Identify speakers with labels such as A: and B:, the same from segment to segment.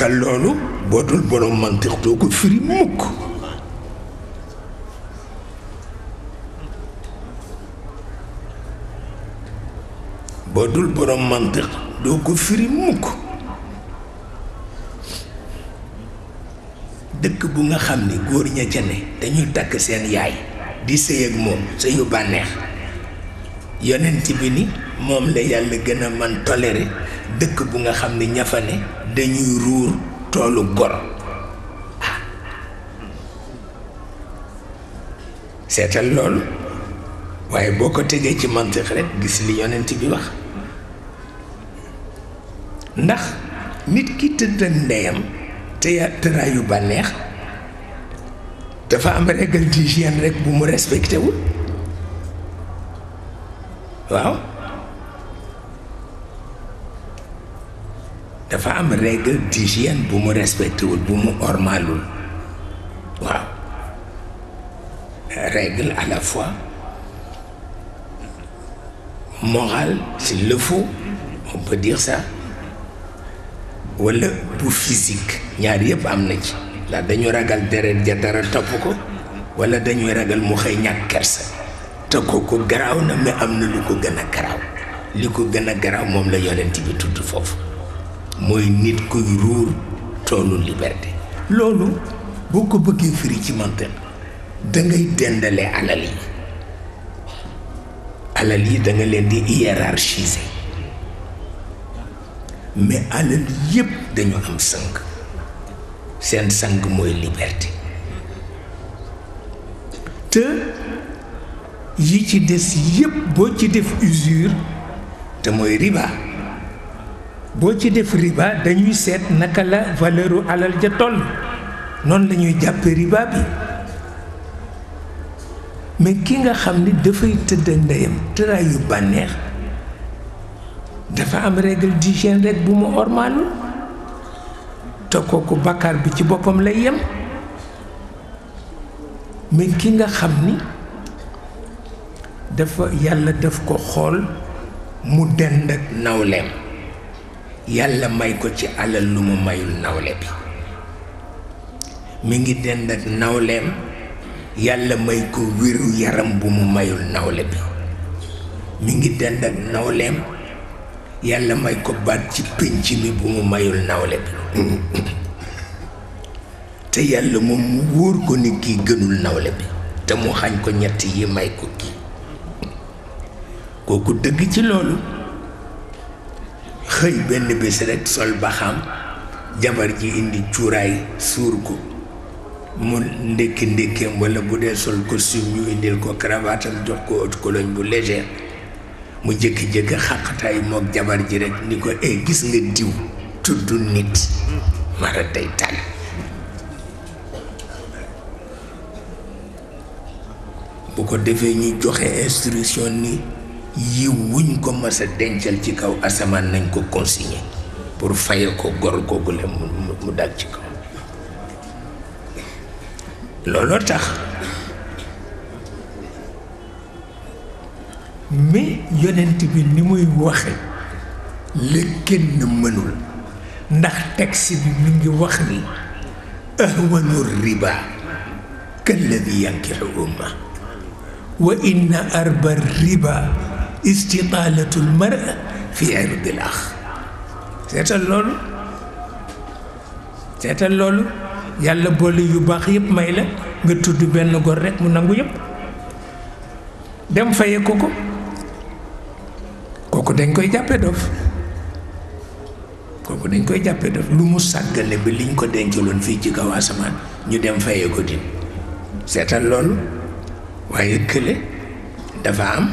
A: te loolu boo dul borom mantiq doo dëkk bu nga xam ni góor ña ca ne dañuy takk seen yaay di sëy ak moom sëyu bànneex yonent bi ni moom la yàlla gën a man toléré dëkk bu nga xam ni ña fa ne dañuy ruur toolu gor seetal loolu waaye boo ko tegee ci mantiq rek gis li yonent bi wax ndax nit ki tëdd ndeyam tëraayu bànneex dafa am régal d'hygiène rek bu mu respecté wul waaw dafa am règle d'hygiène bu mu respectéwul bu mu ormalul waaw règle à la fois morale s'il le faut on peut dire bu physique ñaar yëpp am na ci la dañu ragal deret ja dara topp ko wala dañuy ragal mu xëy ñàkk kersa te ko garaaw na mais am na lu ko gën a garaaw li ko gën a garaaw moom la yonent bi tudd foofu mooy nit kuy ruur toolu liberté loolu boo ko bëggee firi ci mantan dangay dendale alal yi alal yi danga leen di hiérarchiser mais alal yépp dañu am sang seen sang mooy liberté te yi ci des yépp boo ci def usure te mooy riba boo ci def riba dañuy seet naka la valeuru alal ja toll noonu lañuy ñuy jàppe bi mais ki nga xam ni dafay tëdd ndeyam tëraay bànneex dafa am règle d'hygiène rek bu mu ormaalul te kooku bàkkaar bi ci boppam lay yem mais ki nga xam ni dafa yàlla daf ko xool mu dend ak nawleem yàlla may ko ci alal lu mu mayul nawle bi mi ngi dend ak nawleem yàlla may ko wéru yaram bu mu mayul nawle bi mi ngi dend ak nawleem yàlla may ko baat ci pinc mi bu mu mayul nawle bi te yàlla moom mu wóor ko ni kii gënul nawle bi te mu xañ ko ñett yi may ko kii kooku dëgg ci loolu xëy benn bés rekk sol baxam jabar ji indi cuuraay suur ko mu ndékki ndékkeem walla bu dee sol costume ñu indil ko cravate am jox ko haute cologne bu légère mu jékki jëkk xàqataay mook jabar ji rekk ni ko e gis nga diw tudd nit mara day tànn bu ko defee ñu joxe instruction ni yiw wuñ ko mës a dencal ci kaw asamaan nañ ko consigné pour faye ko gor googu la mu dal ci kaw looloo tax mais yonent bi ni muy waxe la kenn mënul ndax taxi bi mi ngi wax ni ahwanu riba kalladi yankixu umma wa inna arba riba istitaalatul mara fi irdil ax seetal loolu seetal loolu yàlla boole yu baax yépp may la nga tudd benn gor rekk mu nangu yëpp dem faye ko ko kooku dañ koy jàppe dof kooku dañ koy jàppe dof lu mu sàggane bi liñ ko dencaloon fii ci kaw asamaan ñu dem faye ko din seetal loolu waaye kële dafa am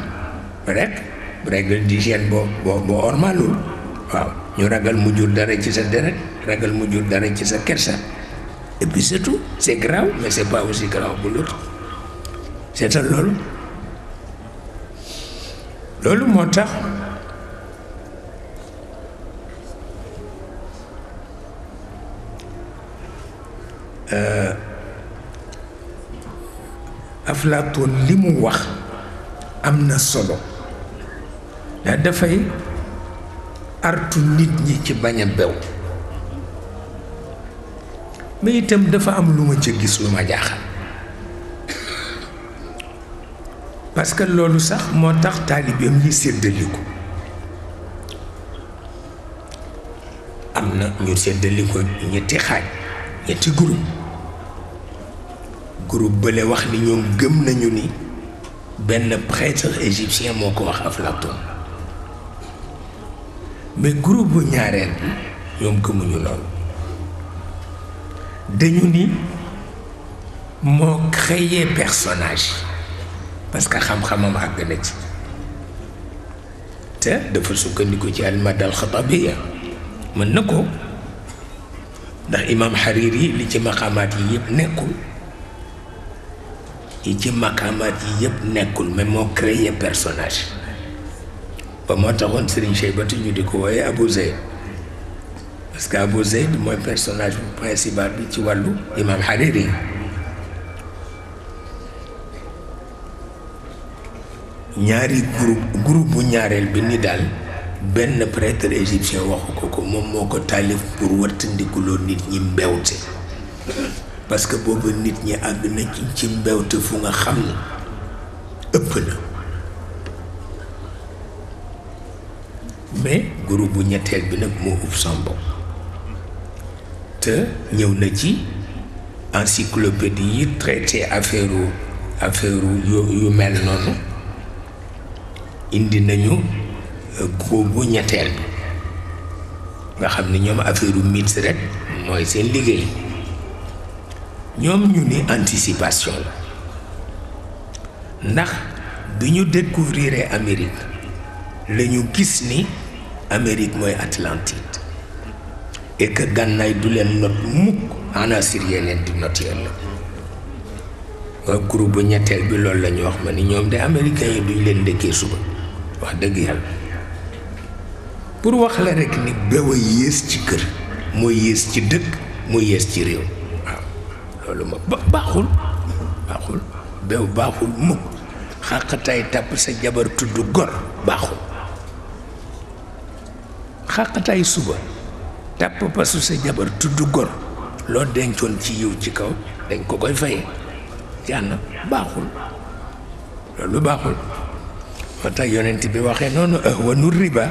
A: rek règle d'hygiène boo boo boo ormalul waaw ñu ragal mu jur dara ci sa deret ragal mu jur dara ci sa kersa et puis surtout c'est grave mais c'est pas aussi grave bu l'autre c'est loolu loolu moo tax euh, Aflaatoon li mu wax am na solo dafay artu nit ñi ci bañ a bew mais itam dafa am lu ma ca gis lu ma jaaxal parce que loolu sax moo tax taalibeem yi séddaliku am na ñu séddaliko ñetti xaaj ñetti groupe groupe bële wax ni ñoom gëm nañu ni benn prêtre égyptien moo ko wax Aflaton mais groupe ñaarel ñom bi ñoom gëmuñu loolu dañu ni mo créer personnage parce que xam-xamam àgg na ci te dafa sukkandiku ci al madal khatabiyya na ko ndax imam Hariri li ci maqamat yi yëpp nekkul li ci maqaamaat yi nekkul mais mo créer personnage ba moo taxoon Serigne Cheybatu ñu di ko wooyee Abou Zeyd parce que Abou Zeyd mooy personnage bu principal bi ci wàllu Imam Hariri ñaari group groupe bu ñaareel bi ni daal benn prêtre égyptien waxu ko ko moom moo ko taalif pour wattandikuloo nit ñi mbewte parce que boobu nit ñi àgg na ci mbewte fu nga xam ne ëpp na mais groupe bu ñetteel bi nag moo ub sambo te ñëw na ci encyclopédie yi traité affaire affaire yu mel noonu indi nañu euh, groupe bu ñetteel bi nga xam ni ñoom affaire u mit rek mooy seen liggéey ñoom ñu ni anticipation ndax bi ñu découvrir Amérique la gis ni Amérique mooy Atlantide et gànnaay du leen not mukk anasir yeneen di not yàlla mooy groupe bu ñetteel bi loolu la ñu wax ma ni ñoom de américains yi duñ leen dëkkee suba wax dëgg yàlla pour wax la rek ni béw a yées ci kër mooy yées ci dëkk mooy yées ci réew waaw loolu ma ba baaxul baaxul béw baaxul mukk xàqataay tàpp sa jabar tudd gor baaxul xàqataay suba tap pa su se jabar tuddu gor lo denchon ci yiw ci kaw dañ ko koy fay jànn baxul loolu baxul fata yonent bi waxe non wa ahwanu riba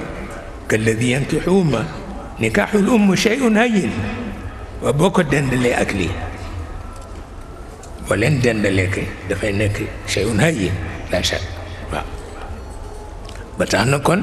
A: kalladi yankixuuma nikaaxul umm cheyun hayin waa boo ko dendalee ak li walen dendale ke da fay nek shay'un hayyin la chak waaw ba tax kon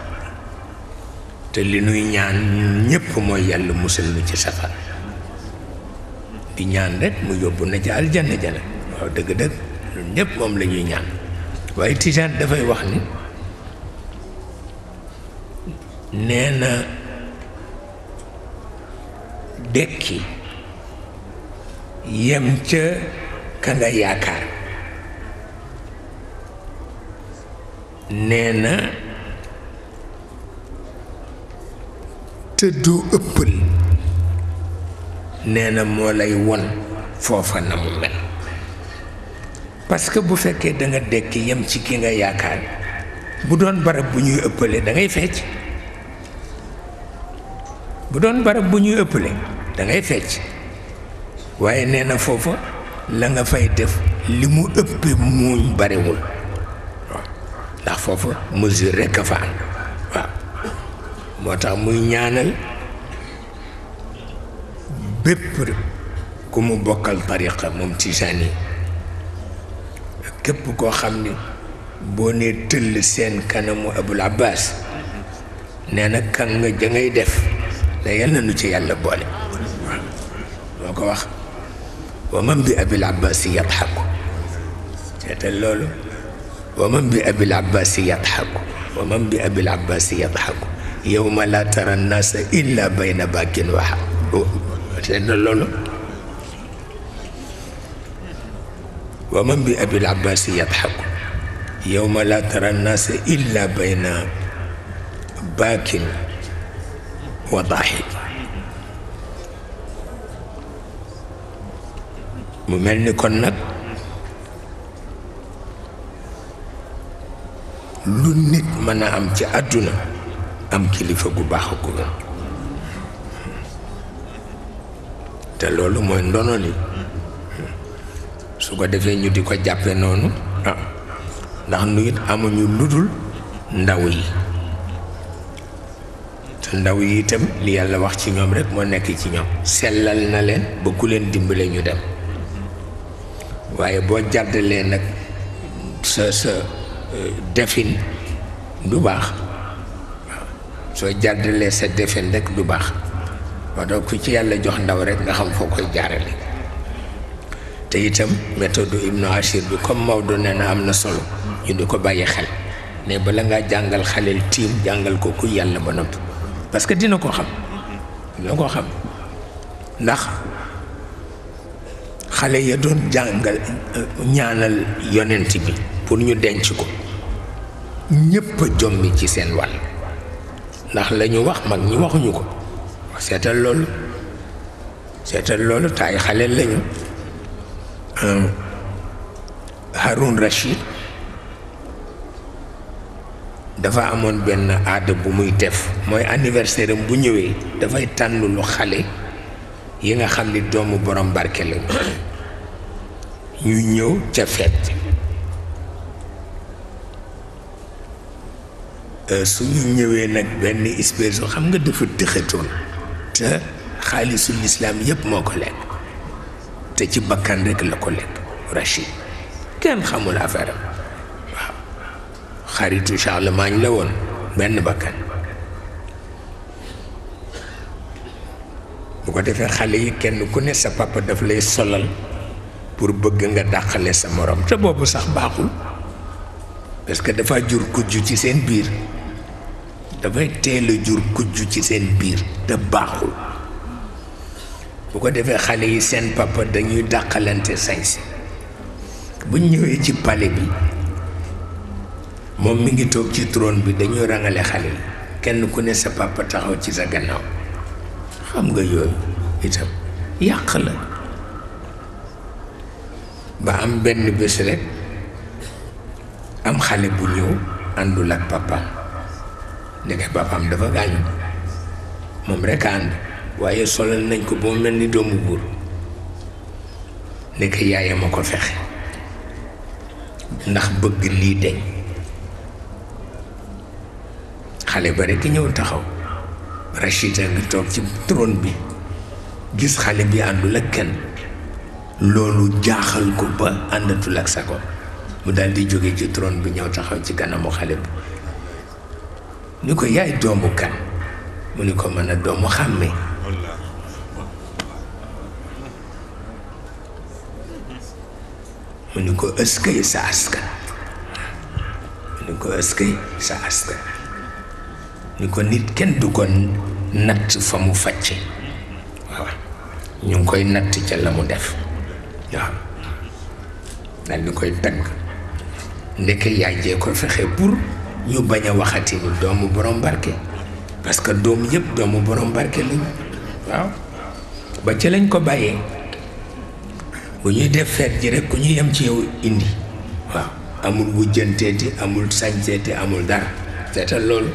A: te li nuy ñaan ñun ñépp mooy yàlla musal nu ci safar di ñaan rek mu yóbbu na ci aljanna jana waaw dëgg-dëgg ñun ñépp moom la ñaan waaye Tijaan dafay wax ni nee na dekki yem ca ka yaakaar nee na te du ëppal nee na moo lay won foofa na mu mel parce que bu fekkee danga dekk yem ci ki nga yaakaar bu doon barab bu ñuy ëppale da fecc bu doon barab bu ñuy ëppale dangay fecc waaye nee na foofa la nga fay def li mu ëppe muuñ barewul waaw ndax foofa mesure rekk a fa am moo tax muy ñaanal bépp ku mu bokkal tariqa moom tijaani képp koo xam ni boo nee tëll seen kanamu abul abbas nee na kan nga ja ngay def la yal nu ci yàlla boole moo ko wax wa man bi abil abbas yadxaku seetal loolu wa man bi abil abbas yadxaku wa man bi abil abbas yadxaku يوم لا ترى الناس إلا بين باك وحق ومن بأبي العباس يضحك يوم لا ترى الناس إلا بين باك وضاحك ممن كنك لنك من أمتي أدنى am kilifa gu baax a te loolu mooy ndono li su ko defee ñu di ko jàppe noonu ah, ndax nu it amuñu ludul ndaw yi te ndaw yi itam li yàlla wax ci ñoom rek moo nekk ci ñoom sellal na leen ba ku leen dimbale ñu dem waaye boo jàddalee nag sa sa euh, defin du baax soo jàddalee sa defeen rek du baax moo tax ku ci yàlla jox ndaw rek nga xam foo koy jaarale te itam méthode Ibnu Achir bi comme Maodo nee na am na solo ñu di ko bàyyi xel ne bala ngaa jàngal xaleel tiim jàngal ko ku yàlla ba noppi parce que dina ko xam dina ko xam ndax xale ya doon jàngal euh, ñaanal yonent bi pour ñu denc ko ñépp jombi ci seen wàll ndax lañu wax mag ñu waxuñu ko seetal loolu seetal loolu ay xale lañu euh, Haroun Rachid dafa amoon benn aada bu muy def mooy anniversaire am bu ñëwee dafay tànn lu xale yi nga xam ni doomu borom barke lañu ñu ñëw ca fête Euh, su ñu ñëwee nag benn espèce xam nga dafa tëxatoon te xaalisu lislaam yépp moo ko lekk te ci bakkan rek la ko lekk Rachid kenn xamul affaire am waaw xaritu Charlemagne la woon benn bakkan bu ko defee xale yi kenn ku ne sa papa daf lay solal pour bëgg nga dàqale sa morom te boobu sax baaxul parce dafa jur kujj ci seen biir dafay teel jur kujj ci seen biir te baaxul bu ko defee xale yi seen papa dañuy dàqalante sañse buñ ñëwee ci pale bi moom mi ngi toog ci trône bi dañuy rangale xale yi kenn ku ne sa papa taxaw ci sa gannaaw xam nga yooyu itam yàq la ba am benn bés rek am xale bu ñëw àndul ak papa ndeke papaam dafa gaañu moom rek a ànd waaye solal nañ ko boo mel ni doomu buur ndeke yaayam a ko fexe ndax bëgg lii deñ xale ba rek ñëw taxaw Rachida ngi toog ci trône bi gis xale bi àndul ak kenn loolu jaaxal ko ba àndatul ak sago mu daal di jóge ci trône bi ñëw taxaw ci kanamu xale bi ni ko yaay doomu kan mu ni ko mën a doomu xàmme mu ni ko ëskay sa askan mu ni ko ëskay sa askan ni ko nit kenn du ko natt fa mu facce waaw ñu ngi koy natt ca la mu def waaw daal ni koy tagg ndeke yaay jee ko fexe pour ñu bañ a waxati ni doomu borom barke parce que doom yëpp doomu borom barke lañ waaw ba ca lañ ko bàyyee bu ñuy def feet ji rek ku ñu yem ci yow indi waaw amul wujjanteeti amul sañseeti amul dara seetal loolu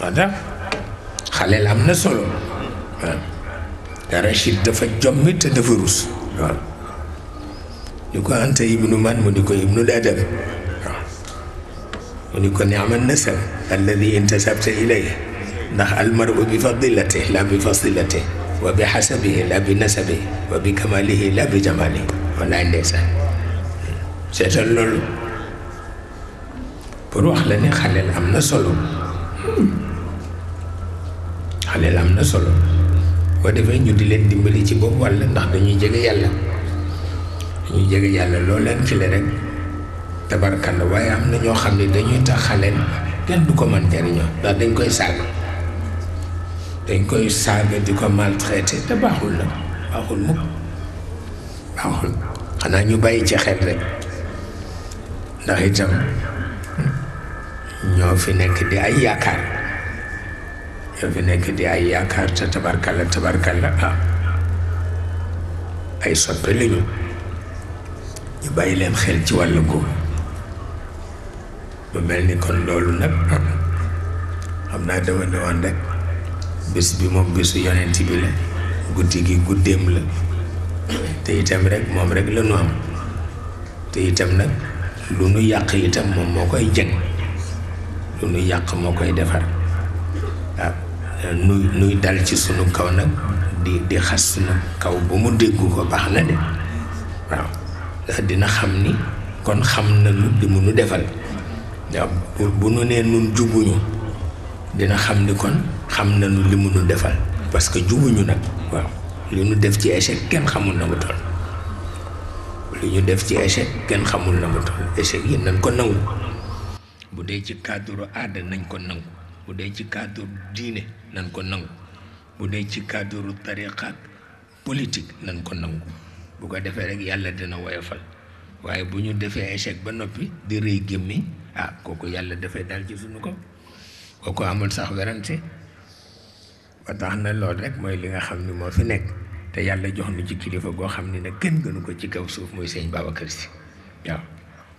A: waaw xaleel am na solo waaw dafa jommi te dafa rus waaw ñu ko Anta ibnu man mu di ko ibnu Adab ونكون نعم النسب الذي انتسبت إليه نح نعم، المرء بفضلته لا بفصلته وبحسبه لا بنسبه وبكماله لا بجماله ولا ليس ستلل بروح لني خلل أم نصلو خلل أم نصلو ودفن يدلين دي مليتي بوال نحن نجيجي يالا نجيجي يالا لولا نفلرق tabarkan la waaye am na ñoo xam ne dañuy tax xale kenn du ko mën jariñoo ndax dañ koy saaga dañ koy saaga di ko maltraité te baaxul la baaxul mukk baaxul xanaa ñu bàyyi ci xel rek ndax itam ñoo fi nekk di ay yaakaar ñoo fi nekk di ay yaakaar te tabarkalla tabarkalla ah ay soppe lañu ñu bàyyi leen xel ci wàllu googu mu mel ni kon loolu nag xam naa dama ne woon rek bés bi moom bésu yonent bi la guddi gi guddeem la te itam rek moom rek la ñu am te itam nag lu nu yàq itam moom moo koy jëng lu nu yàq moo koy defar waaw ah, nuy nuy dal ci sunu kaw nag di di xas sunu kaw ba mu dégg ko baax na de waaw dina xam ni kon xam na lu di mu nu defal waaw bu nu nee nun jubuñu dina xam ni kon xam nañu li mu nu defal parce que jubuñu nag waaw li nu def ci échec kenn xamul na mu toll li ñu def ci échec kenn xamul na mu toll échec yi nañ ko nangu bu dee ci cadre àdd nañ ko nangu bu dee ci cadre diine nañ ko nangu bu dee ci cadre tariqaat politique nañ ko nangu bu ko defee rek yàlla dina woyofal waaye bu ñu defee échec ba noppi di rëy gémmi ah kooku yàlla dafay daal ci suñu ko kooku amul sax werante ba tax na lool rek mooy li nga xam ni moo fi nekk te yàlla jox nu ci kilifa goo xam ni nag kenn gënu ko ci kaw suuf muy seen Babacar Sy waaw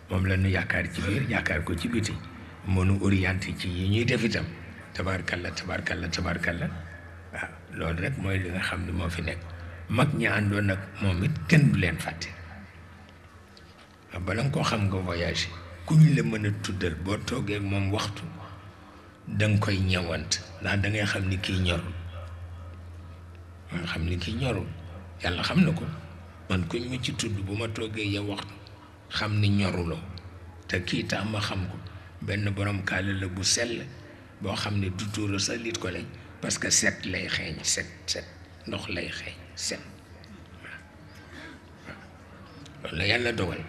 A: moom la yaakaar ci biir yaakaar ko ci biti mënu ci yi ñuy def itam tabaarkalla tabaarkalla tabaarkalla waaw loolu rek mooy li nga xam ni moo fi nekk mag ñi àndoon nag moom it kenn du leen fàtte bala nga koo xam nga voyage kuñ la mën a tuddal boo toogee moom waxtu danga koy ñawant ndax dangay xam ni kii ñorul nga xam ni kii ñorul yàlla xam na ko man kuñ ma ci tudd bu ma toogee yow waxtu xam ni ñoruloo te kii tax ma xam ko benn borom kaala la bu sell boo xam ne du tuura sa lit ko lañ parce que set lay xeeñ set set ndox lay xeeñ set waaw loolu la yàlla dogal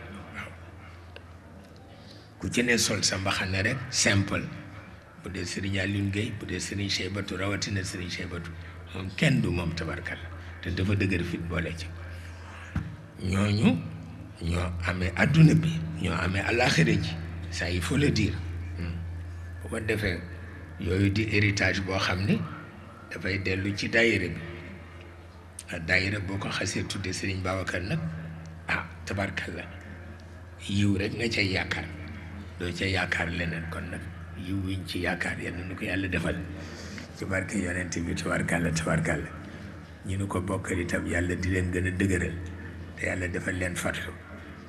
A: ku ci ne sol sa mbaxane rek simple bu dee Serigne Alioune Gueye bu dee Serigne Cheybatu rawatina Serigne Cheybatu moom kenn du moom tabarkalla te dafa dëgër fit boole ci ñooñu ñoo amee adduna bi ñoo amee alaxira ji ça il faut le dire hmm. bu ko defee yooyu di héritage boo xam ni dafay dellu ci daayira bi ah, daayira boo ko xasee tudde Serigne Babacar nag ah la yiw rek nga cay yaakaar. doo ca yaakaar leneen kon nag yiw wiñ ci yaakaar yal na nu ko yàlla defal ci barke yonent bi tabarkàlla tabarkàlla ñu nu ko bokkal itam yàlla di leen gën a dëgëral te yàlla defal leen fatlu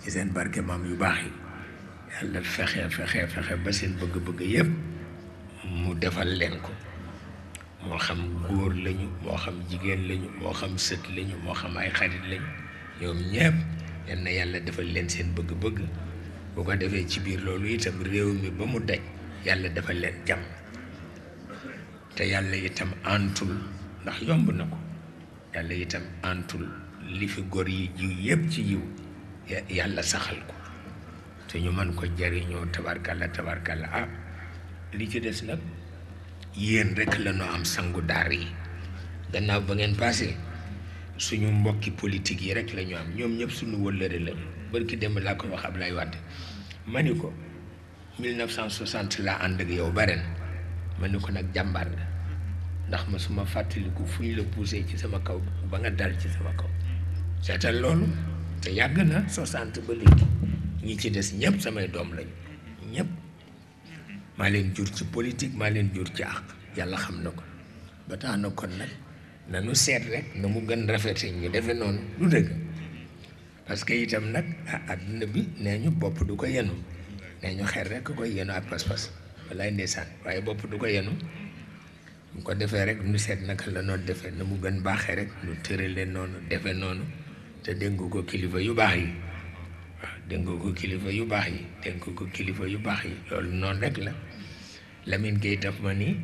A: ci seen barke maam yu baax yi yàlla fexe fexe fexe ba seen bëgg-bëgg yépp mu defal leen ko moo xam góor lañu moo xam jigéen lañu moo xam sët lañu moo xam ay xarit lañu ñoom ñëpp yàlla defal leen seen bëgg-bëgg boo ko defee ci biir loolu itam réew mi ba mu daj yàlla dafa leen jàmm te yàlla itam antul ndax yomb na ko yàlla itam antul li fi góor yi jiw yëpp ci jiw yàlla saxal ko te ñu mën ko jariñoo tabarkalla tabarkalla ah li ci des nag yéen rek la ñu am sangu daar yi gannaaw ba ngeen passé suñu mbokki politique yi rek lañu am ñoom ñëpp suñu wëllëre la barki démb laa koy wax Ablaye Wade ma ni ko 1960 laa ànd ak yow ba ren ma ni ko nag jàmbaar la ndax ma su ma fàttaliku fu ñu la poussé ci sama kaw ba nga dal ci sama kaw seetal loolu te yàgg na 60 ba léegi ñi ci des ñëpp samay doom lañu ñëpp maa leen jur ci politique maa leen jur ci àq yàlla xam na ko ba tax na kon nag nanu seet rek na mu gën rafete ñu defe noonu du dëgg parce que itam nag ah, àdduna bi nee ñu bopp du ko yenu nee ñu xel rek koy yenu ak pas-pas walaay ndeysaan waaye bopp du ko yenu mu ko defee rek nu seet nag la noonu defee na mu gën baaxee rek nu tëralee noonu defee noonu te dénk ko kilifa yu baax yi waaw ko kilifa yu baax yi dénk ko kilifa yu baax yi loolu noonu rek la Lamine Gueye daf ma ni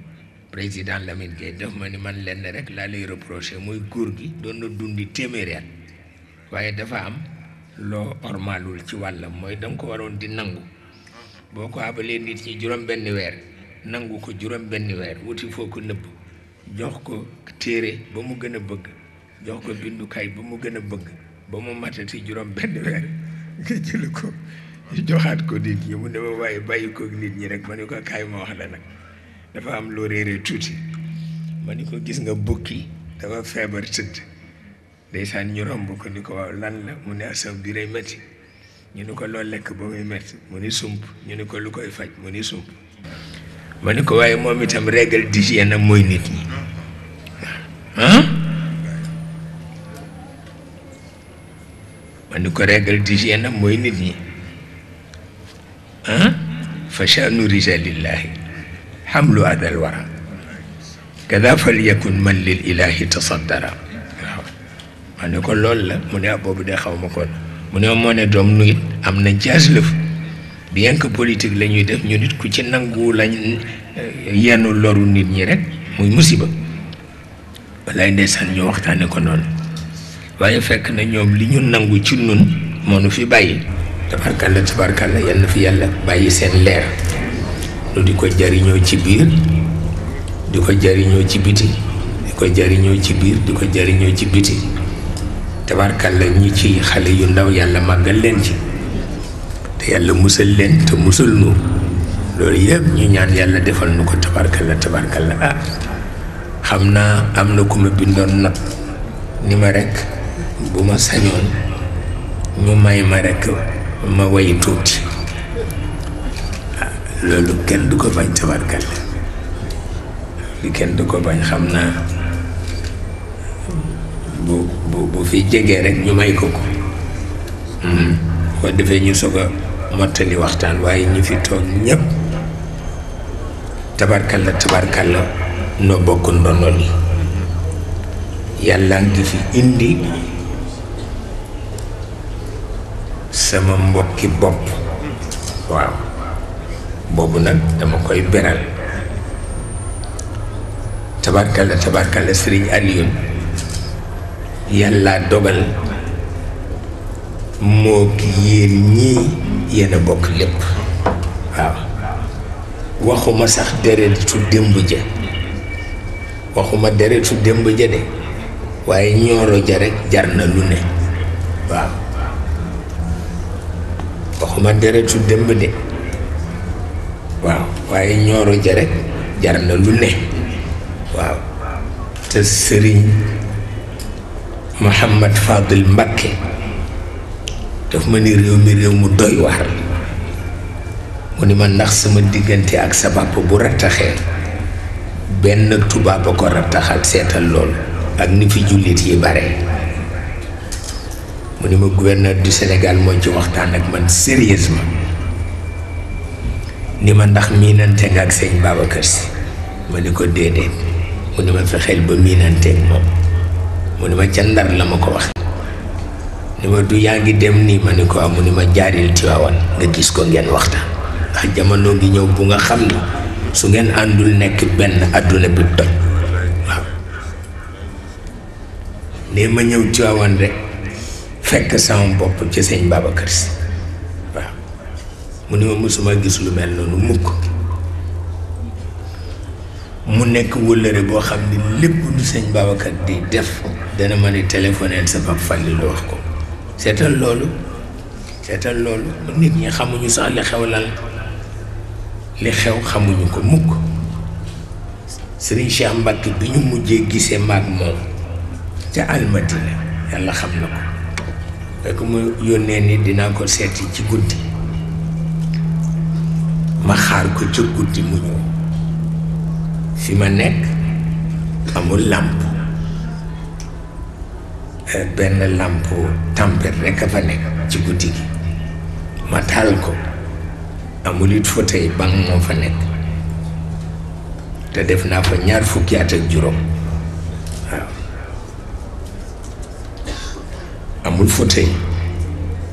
A: président Lamine Gueye daf ma ni man lenn rek laa lay reproché muy góor gi doon na dundi téeméeri at waaye dafa am loo ormaalul ci wàllam mooy danga ko waroon di nangu boo ko abalee nit ñi juróom benni weer nangu ko juróom benni weer wuti foo ko nëbb jox ko téere ba mu gën a bëgg jox ko bindukaay ba mu gën a bëgg ba mu matati juróom benni weer nga jël ko joxaat ko nit ñi mu ne ma waaye bàyyi ko nit ñi rek ma ne ko kaay ma wax la nag dafa am loo réeree tuuti ma ne ko gis nga bukki dafa feebar tëdd ndeysaan ñu romb ko ni ko waaw lan la mu ne asaw bi rey métti ñu ni ko loolu lekk ba muy métti mu ni sump ñu ni ko lu koy faj mu ni sump ma ni ko waaye moom itam régal d'hygiène am mooy nit ñi ah ma ni ko régal d'hygiène am mooy nit ñi ah fa sha'nu rijalillahi hamlu adal wara kada fal yakun man lil ilahi tasaddara ma ne ko loolu la mu ne ah boobu de xaw ma ko mu ne moo ne doom nu am na jaas lëf bien que politique la ñuy def ñu nit ku ci nangu lañ eh, yenn loru nit ñi rek muy musiba walaay ndeysaan ñu waxtaane ko noonu waaye fekk na ñoom li ñu nangu ci nun moo nu fi bàyyi tabarkalla tabarkalla yal yenn fi yàlla bàyyi seen leer lu di ko jariñoo ci biir di ko jariñoo ci biti di ko jariñoo ci biir di ko jariñoo ci biti tabarkalla ñi ci xale yu ndaw yàlla màggal leen ci te yàlla musal leen te musal nu loolu yëpp ñu ñaan yàlla defal nu ko tabarkalla tabarkalla ah xam naa am na ku ma bindoon nag ni ma rek bu ma sañoon ñu may ma rek ma way tuuti ah, loolu kenn du ko bañ tabarkalla li kenn du ko bañ xam naa bu bu fi jegee rek ñu may ko ko boo hmm. defee ñu soog a mottali waxtaan waaye ñu fi toog ñëpp tabarkalla la noo bokk ndono li yàlla ngi fi indi sama mbokki bopp boobu nag dama koy beral tabarkalla tabarkalla Serigne Alioune yàlla dogal moo ki yéen ñii yéen bokk lépp waaw waxuma sax deretu démb ja waxuma deretu démb ja de waaye ñooro ja rek jar na lu ne waaw waxuma deretu démb de waaw waaye ñooro ja rek jar na lu ne waaw te sëriñ Mouhamad Fadil Mbakke daf ma ni réew mi réew mu doy waar mu ni ma ndax sama diggante ak sa papa bu rattaxee benn tubaab a ko rattaxal seetal lool ak ni fi jullit yi bare mu ni ma gouverneur du Sénégal moo ci waxtaan ak man sérieusement ni ma ndax miinante nga ak sëñ Babacar Si ma ni ko déedéet mu ni ma fexeel ba miinante moom mune ma ca ndar la ko wax ni ma du yaangi dem ma ni maniko amune ma jaaril tiwaawan nga gis ko ngeen waxta ak jamono gi ñew bu nga xam su ngeen andul nek ben aduna bi toj ne ma rek fekk sama bop ci seigne Babacar si waaw musuma gis lu mel nonu mukk mu nekk wëllëre boo xam ne lépp lu sëñ Babacar di def dana mën a téléphoner sa Pape Fallou wax ko seetal loolu seetal loolu nit ñi xamuñu sax li xew lan li xew xamuñu ko mukk Serigne Cheikh Mbacke bi ñu mujjee gisee maag moom ca almadina yàlla xam na ko fekk mu yónnee ni dinaa ko seeti ci guddi ma xaar ko ca guddi mu ñëw fi ma nekk amul làmp eh, benn làmp tempête rekk a fa nekk ci guddi gi ma taal ko amul it fauteuil banc moo fa nekk te def naa fa ñaar fukki ak juróom waaw amul fauteuil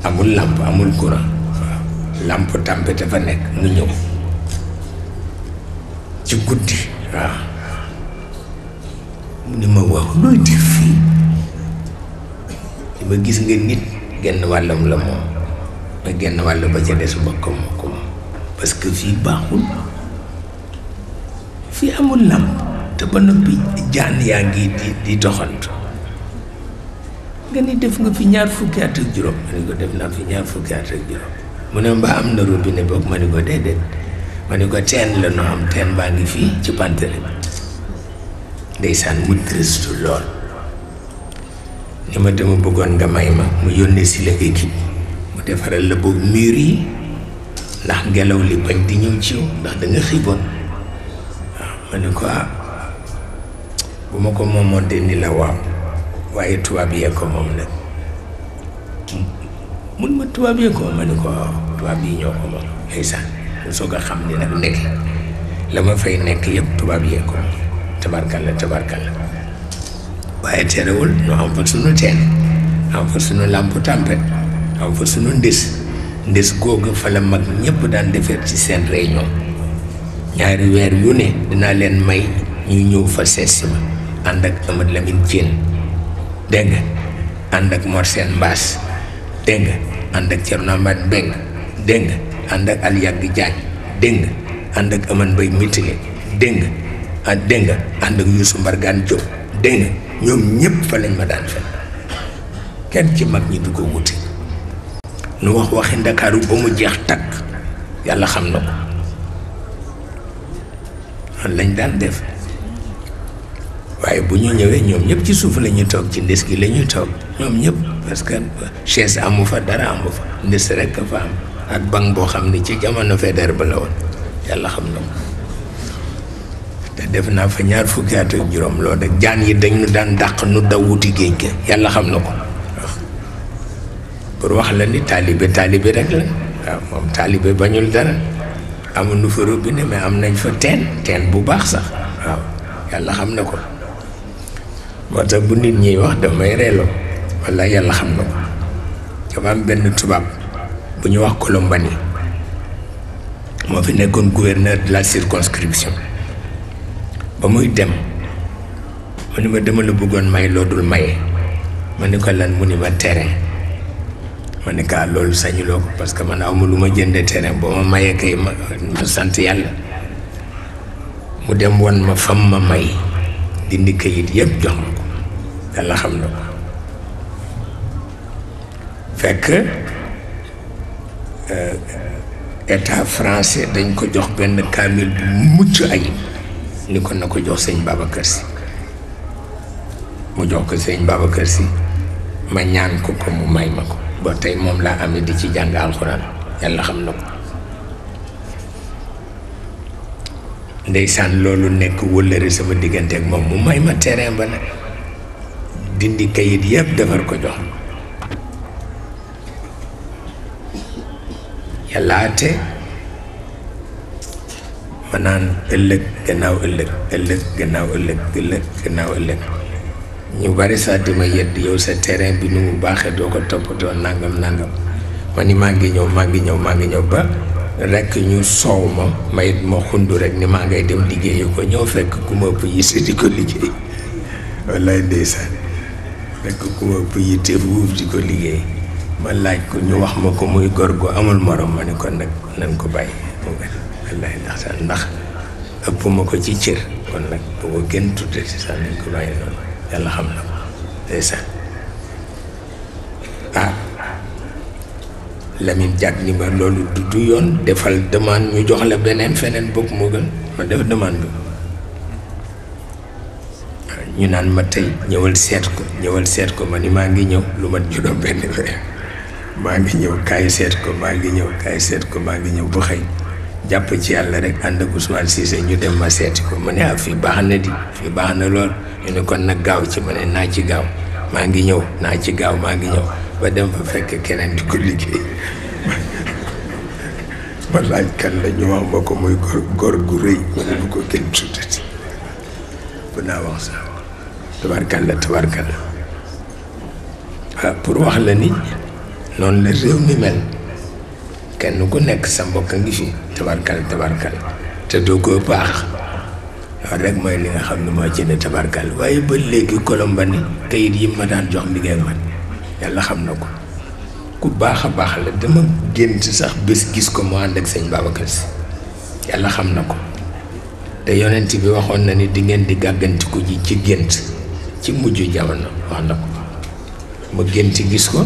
A: amul làmp amul courant waaw làmp tempête dafa nekk mu ñëw ci guddi waaw mu ni ma wax looy def fii li ma gis nga nit genn wàllam la moom ba genn wàll ba ca des bokkam moo ko parce que fii baaxul fii amul lam te ba noppi jaan yaa ngi di di doxantu nga ni def nga fi ñaar fukki at ak juróom ma ni ko def naa fi ñaar fukki at ak juróom mu ne mbaa am na robinet boog ma ni ko déedéet ma ni ko teen la noo am teen baa ngi fii ci pantere bi ndeysaan mu triste lool ni ma dama bëggoon nga may ma mu yónnee si la équipe mu defaral la boog miir yi ndax gelaw li bañ di ñëw ci ndax da nga xiiboon waaw ma ni ko ah bu ma ko moomoon de ni la waaw waaye tubaab yee ko moom nag mun ma tubaab yee ko ma ne ko waaw yi ñoo ko moom ndeysaan soog a xam ni nag nekk la ma fay nekk yëpp tubaab yee ko tabarkalla la waaye terewul ñu am fa sunu teen am fa suñu làmpu tàmpet am fa suñu ndis ndis googu fa la mag ñëpp daan defar ci seen réunion ñaari weer yu ne dinaa leen may ñu ñëw fa seet si ma ànd ak Amadou Lamine Dieng dégg ànd ak Mor Sène Mbass dégg ànd ak Thierno Amath Mbengue dégg ànd ak Aliou Yagg Diagne dégg nga ànd ak Aman Bay Mintile dégg nga ah dégg nga ànd ak Youssou Mbargane Diop dégg ñoom ñëpp fa lañ ma daan fen kenn ci mag ñi du ko wuti nu wax waxi ndakaaru ba mu jeex takk yàlla xam na ko lañ daan def waaye bu ñu ñëwee ñoom ñëpp ci suuf la ñuy toog ci ndes gi lañuy toog ñoom ñëpp parce que chaise amu fa dara amu fa ndes rek fa am ak banque boo xam ne ci jamono Faidherbe la woon yàlla xam na ko te def naa fa ñaar fukki at juróom loolu rek jaan yi dañu daan dàq nu daw wuti géej ga yàlla xam na ko pour wax la ni taalibe taalibe rek la waaw moom taalibe bañul dara amuñu fa robinet mais am nañ fa teen teen bu baax sax waaw yàlla xam na ko moo tax bu nit ñiy wax damay reeloo walla yàlla xam na ko dafa benn tubaab. bu ñu wax Colombani moo fi nekkoon gouverneur de la circonscription ba muy dem mu ni ma demal la bëggoon may loo dul maye ma ne ko lan mu ne ba terrain ma ni ah, loolu sañuloo ko parce que man aw amul lu ma jënde terrain boo ma mayee kay ma sant yàlla mu dem won ma fam ma may dindi kayit yëpp jox ma ko yàlla xam na ko fekk Euh, euh, état français dañ ko jox benn kaamil bu mucc ayib ni ko na ko jox sëñ Babacar Sy mu jox ko sëñ Babacar Sy ma ñaan ko ko mu may ma ko ba tey moom laa amee di ci jàng alxuraan yàlla xam na ko ndeysaan loolu nekk wëllëre sama diggante ak moom mu may ma terrain ba nag dindi kayit yëpp defar ko jox yàlla ate ma naan ëllëg gannaaw ëllëg ëllëg gannaaw ëllëg ñu bari sax di ma yedd yow sa terrain bi nu mu baaxee doo ko toppatoo nangam nangam ma ni maa ngi ñëw maa ngi ñëw maa ngi ñëw ba rekk ñu soow ma mayit ma xundu rek ni maa ngay dem liggéeyi ko ñëw fekk ku ma ëpp si di ko liggéey wallaay ndeysaan fekk ku ma ëpp te wuuf di ko liggéey ma laaj ko ñu wax ma ko muy góor goo amul morom ma ne ko nag nañ ko bàyyi wallaahi ndax sax ndax ëpp ma ko ci cër kon nag bu ko gën tudde si sax nañ ko xam na ko day sax ah loolu du yoon defal demande ñu jox la beneen feneen bopp moo gën ma def demande bi ah, ñu naan ma tey ñëwal seet ko ñëwal seet ko ma ni maa ngi ñëw lu ma juróom benn weer maa ngi ñëw kaay seet ko maa ngi ñëw kaay seet ko maa ngi ñëw ba xëy jàpp ci yàlla rek ànd ak Ousmane Cissé ñu dem ma seeti ko ma ne ah fii baax na di fii baax na lool ñu ne kon nag gaaw ci ma ne naa ci gaaw maa ngi ñëw naa ci gaaw maa ngi ñëw ba dem fa fekk keneen di ko liggéey ma laaj kan la ñu wax ma ko muy góor gu rëy ma ne bu ko kenn tuddati bu naa wax sax tabarkalla tabarkalla waaw ah, pour wax la ni noonu la réew mi mel kenn ku nekk sa mbokk a ngi fi tabarkal tabarkal te doo ko baax loolu rek mooy li nga xam ne moo ci ne tabarkal waaye ba léegi Colombani kayit yi ma daan jox mi man yàlla xam na ko ku baax a baax la dama gént sax bés gis ko mu ànd ak sëñ Babacar Si yàlla xam na ko te yonent bi waxoon na ni di ngeen di gàggantiku ji ci gént ci mujj jamono wax na ko ma gént gis ko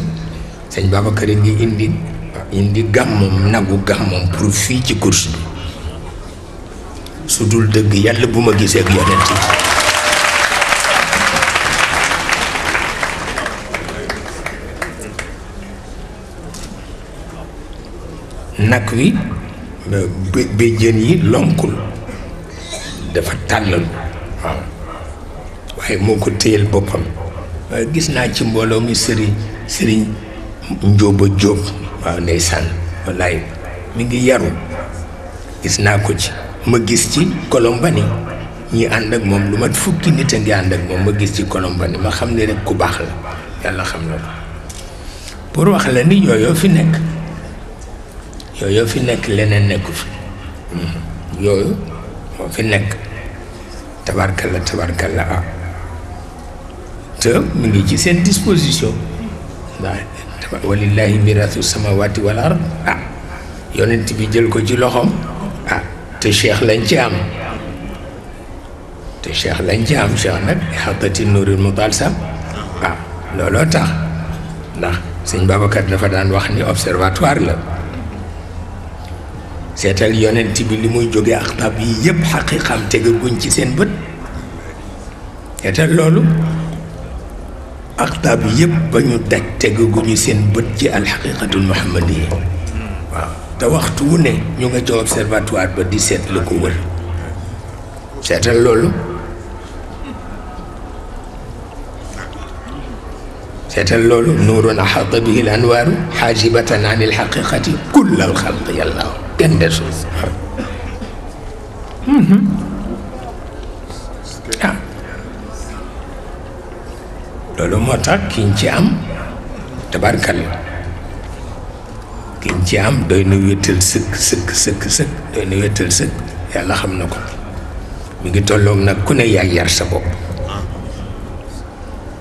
A: sëñ Babacar it ngi indi indi gàmmam ci course dëgg yàlla bu ma gisee ak yonent yi nag wi béjjën yi lonkul dafa tàllalu waaw waaye moo ko téyel boppam gis naa ci mbooloo mi sëriñ sëriñ njóoba jóob waaw ndeysaan wallaay mi ngi yaru gis naa ko ci ma gis ci Colombani ñi ànd ak moom lu ma fukki nit a ngi ànd ak moom ma gis ci Colombani ma xam ne rek ku baax la yàlla xam na ko pour wax la ni yooyoo fi nekk yooyoo fi nekk leneen nekku fi hmm, yooyu moo fi nekk tabarkalla tabarkalla ah te mu ngi ci seen disposition walillahi mirasu samawati wal ard ah yonent bi jël ko ci loxoom ah te cheikh lañ ci am te cheikh lañ ci am cheikh nag xatati nuuril mutalsam waaw ah, looloo tax ndax sëñ Babacar dafa daan wax ni observatoire la seetal yonent bi li muy jóge ak tab yi xam xaqiqam tegaguñ ci seen bët seetal loolu aktaab yépp ba ñu daj tegaguñu seen bët ci alxaqiqatul muhammadiya waaw te waxtu wu ne ñu nga ca observatoire ba di seet la ko wër seetal loolu seetal loolu nuurun axata bihi l anwaaru xaajibatan an il xaqiqati kull al loolu moo tax kii kiñ ci am tabarkalla kiñ ci am doy na wétal sëkk sëkk sëkk doy na wétal sëkk yàlla xam na ko mu ngi tolloog nag ku ne yaa yar sa bopp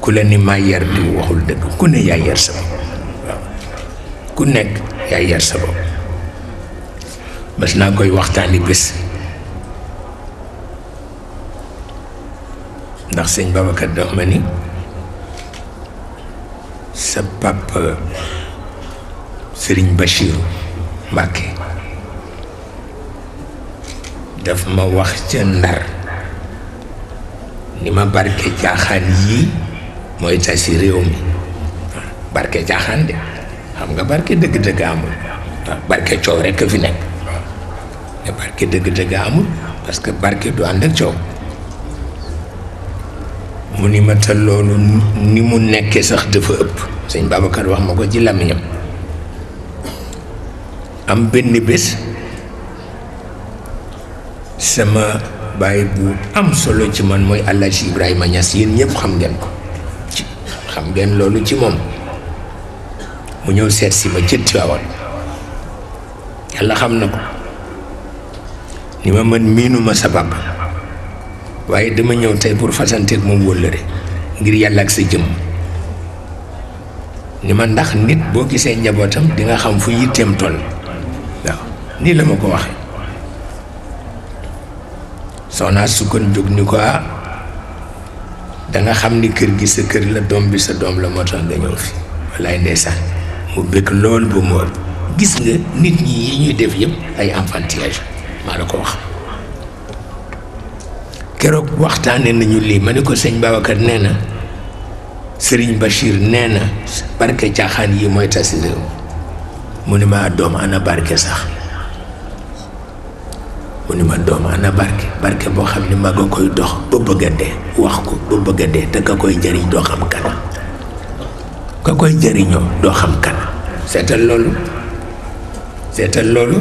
A: ku la ni maa yar di waxul dëgg ku ne yaa yar sa bopp ku nekk yaa yar sa bopp mas naa koy waxtaani bés ndax sëñ Babacar ma ni sa papa Serigne Bachirou Mbacke daf ma wax ca ndar ni ma barke jaaxaan yii mooy tasi réew mi barke jaaxaan de xam nga barke dëgg-dëgg amul ah, barke coow rekk fi nekk ne barke dëgg-dëgg amul parce que barke du ànd ak coow mu ni ma te loolu ni mu nekkee sax dafa ëpp sëñ Babacar wax ma ko ci làmmiñam am benn bés sama bàyyi bu am solo ci man mooy Alaaji Ibrahima Niass yéen ñëpp xam ngeen ko ci xam ngeen loolu ci moom mu ñëw seet si ma jënd Tiwaawan yàlla xam na ko ni ma man miinuma sa waaye dama ñëw tey pour fasanteeg moom wóllëre ngir yàlla ak sa jëmm ni ma ndax nit boo gisee njabootam di nga xam fu yitteem toll waaw nii la ma ko waxee soxnaa sukkan jóg ni ko ah, danga xam ni kër gi sa kër la doom bi sa doom la moo tax nga ñëw fi wallaay ndeysaan mu bëgg lool ba mu gis nga nit ñi yi ñuy def yëpp ay enfantillage maa la ko wax keroog waxtaane nañu lii ma ne ko sëñ Babacar nee na sëriñ Bachir nee na barke caaxaan yi mooy tasi mu ni ma doom ana barke sax mu ni barke boo xam ni mag a koy dox ba bëgg dee wax ko ba bëgg a dee te ka koy jëriñ doo xam kana ka koy jëriñoo doo xam kana seetal loolu seetal loolu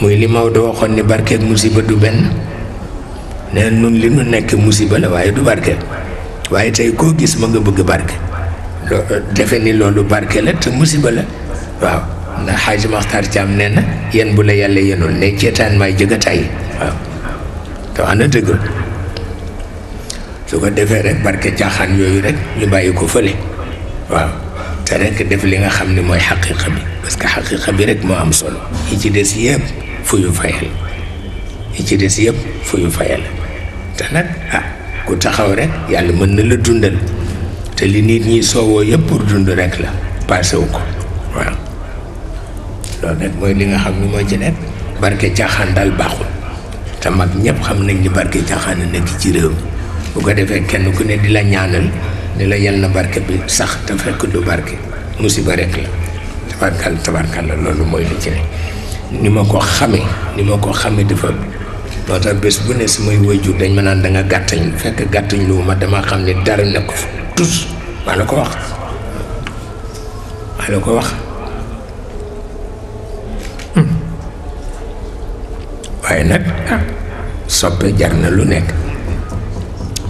A: muy li Maodo waxoon ni barkeeg musiba du benn ne nun li nu nekk musiba la waaye du barke waaye tey koo gis ma nga bëgg barke loo defe ni loolu barke la te musiba la waaw ndax xaaji Maxtaar Caam nee na yéen bu la yàlla yenul ne ceetaan may jëga tay waaw te wax na dëgg su ko defee rek barke caaxaan yooyu rek ñu bàyyi ko fële waaw te rek def li nga xam ne mooy xaqiqa bi parce que xaqiqa bi rek moo am solo yi ci des yëpp fu yu fayal yi ci des yëpp fu yu fayal te nag ah ku taxaw rek yalla mën na la dundal te li nit ñi soowoo yeb ya pour dund rek la passé wu ko waaw loolu rek moy li nga xam ni moo ci nek barke jaxan dal baaxul te mag ñep xam nañ ni barke na nek ci réew bu ko defé kenn ku ne di la ñaanal ni la yel na barke bi sax te fekk du barke musiba rek la tabarkal tabarkal la moy li ci ne ni ma ko xamee ni ma ko xamee moo tax bés bu ne samay waajur dañ ma naan danga gàttañ gàttañ fekk gàttañ lu ma dama xam ne dara nekku fa tus ko wax maa ko wax waaye nag ah soppe jar na lu nekk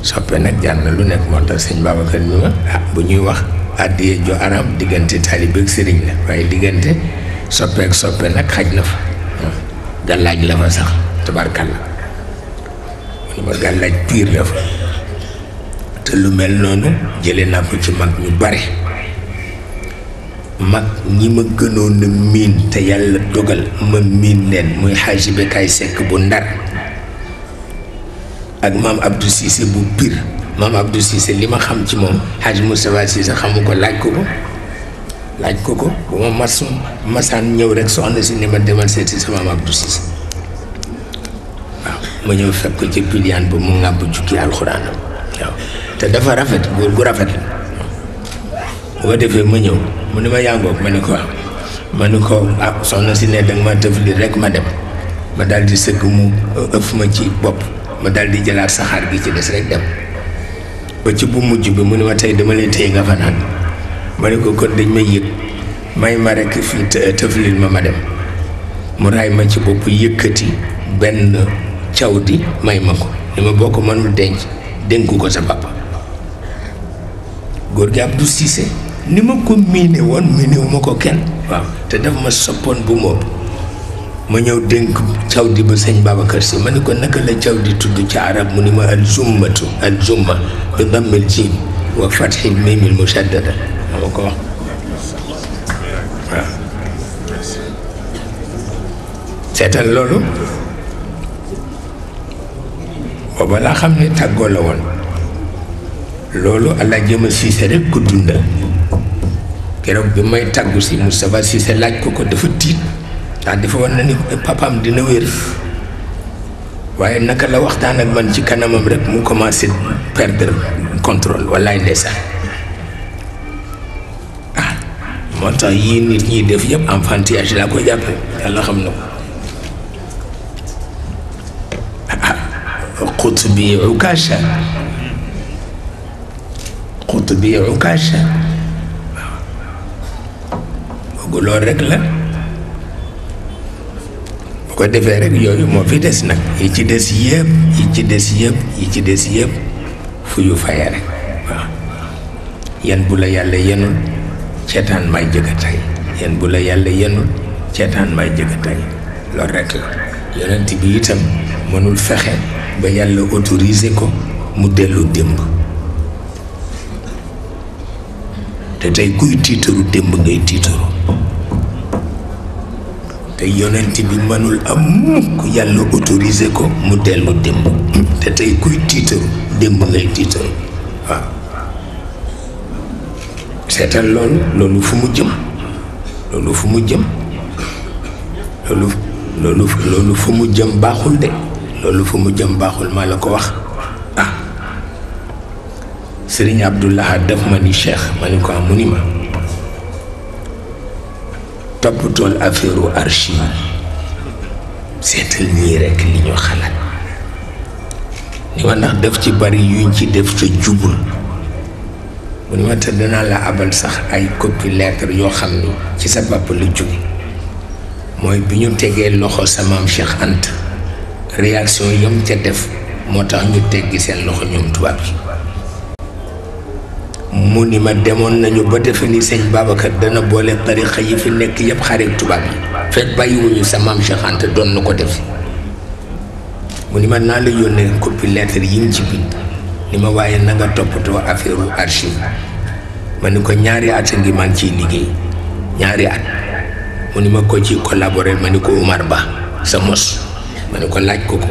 A: soppe nag jar na lu nekk moo tax sëñ Babacar mi ma ah bu ñuy wax àddiyee ju araam diggante taalibe ak sëriñ la waaye diggante soppeek soppe nag xaj na fa gàllaaj la fa sax tabarkalla mu ne ma gàllaaj piir la fa te lu mel noonu jële naa ko ci mag ñu bare mag ñi ma gënoon a miin te yàlla dogal ma miin leen muy xaaji Bekaay Sekk bu Ndar ak maam Abdou Cissé bu Pire maam Abdou Cissé li ma xam ci moom xaaji Moustapha Cissé xamu ko laaj ko ko laaj ko ko bu ma mas masaan ñëw rek soxna si ni ma demal seeti sa maam Abdou Cissé ma ñëw fekk ko ci piliyaan ba mu ŋàbb jukki alxuraan waaw te dafa rafet góor gu rafet bu ko defee ma ñëw mu ne ma yàngoog ma ne ko ma ne ko ah soxna si ne danga ma tëf li rek ma dem ma daal di sëgg mu euh, ëf ci bopp ma daal di jëlaat saxaar gi ci des rek dem ba ci bu mujj ba mu ne ma tey dama lay téye nga fanaan ma ne ko kon dañ may yëg may ma rek fii tëflil ma ma dem mu raay ma ci bopp yëkkati benn cawti may ma ko li ma bokk mënul denc dénku ko sa papa góor gi Abdou Cissé ni ma ko miine woon miinewu ma ko kenn waaw te daf ma soppoon bu moob ma ñëw dénk cawdi ba sëñ Babacar si ma ni ko naka la cawdi tudd ca arab mu ni ma al zummatu al zumma bi ma ko wax waaw seetal loolu booba laa xam ne tàggoo la woon loolu allah jëma siise rek ko dunda keroog bi may tàggu si Moustapha Cissé laaj ko ko dafa tiit ndax dafa war na ni papaam dina wér waaye naka la waxtaan ak man ci kanamam rek mu commencé perdre contrôle wallaay ndeysaan ah moo tax yii nit ñiy def yëpp enfantillage laa ko jàppe yàlla xam na ko Qutbi Ukaasha Qutbi Ukaasha waaw boogu loolu rek la bu ko defee rek yooyu moo fi des nag yi ci des yëpp yi ci des yëpp yi ci des yëpp fu yu faye rek waaw yan bu la yàlla yenul ceetaan may jëga tey yan bu la yàlla yenul ceetaan may jëga tey loolu rek la yonent bi itam mënul fexe ba yàlla autorisé ko mu dellu démb te tey kuy tiitaru démb ngay tiitaru te yonent bi mënul am mukk yàlla autorisé ko mu dellu démb te tey kuy tiitaru démb ngay tiitaru waaw ah. seetal loolu loolu fu mu jëm loolu fu mu jëm loolu loolu loolu fu mu jëm baaxul de loolu fu mu jëm baaxul maa la ko wax ah sëriñ Abdoulaye daf ma ni cheikh ma ni ko am ah, mu ni ma toppatool affaire u archive seetal ñii rekk li ñu xalaat ni ma ndax def ci bari yuñ ci def te jubul mu ni ma te danaa la abal sax ay copie lettre yoo xam ni ci sa papa lu jóge mooy bi ñu tegee loxo sa maam Cheikh Anta réaction yom ca def moo tax ñu teggi seen loxo ñoom tubaab yi mu ni ma demoon nañu ba defe ni sëñ Babacar dana boole tariqa yi fi nekk yëpp xarit tubaab yi fekk bàyyiwuñu sa maam Cheikh doon na ko def mu ni ma naa la yónnee copie lettre yi ñu ci bind ni ma waaye na nga toppatoo affaire u archive ma ni ko ñaari at a ngi ciy liggéey ñaari at mu ni ma ko ci collaborer ma ni ko Umar Ba sa mos ma ne ko laaj ko ko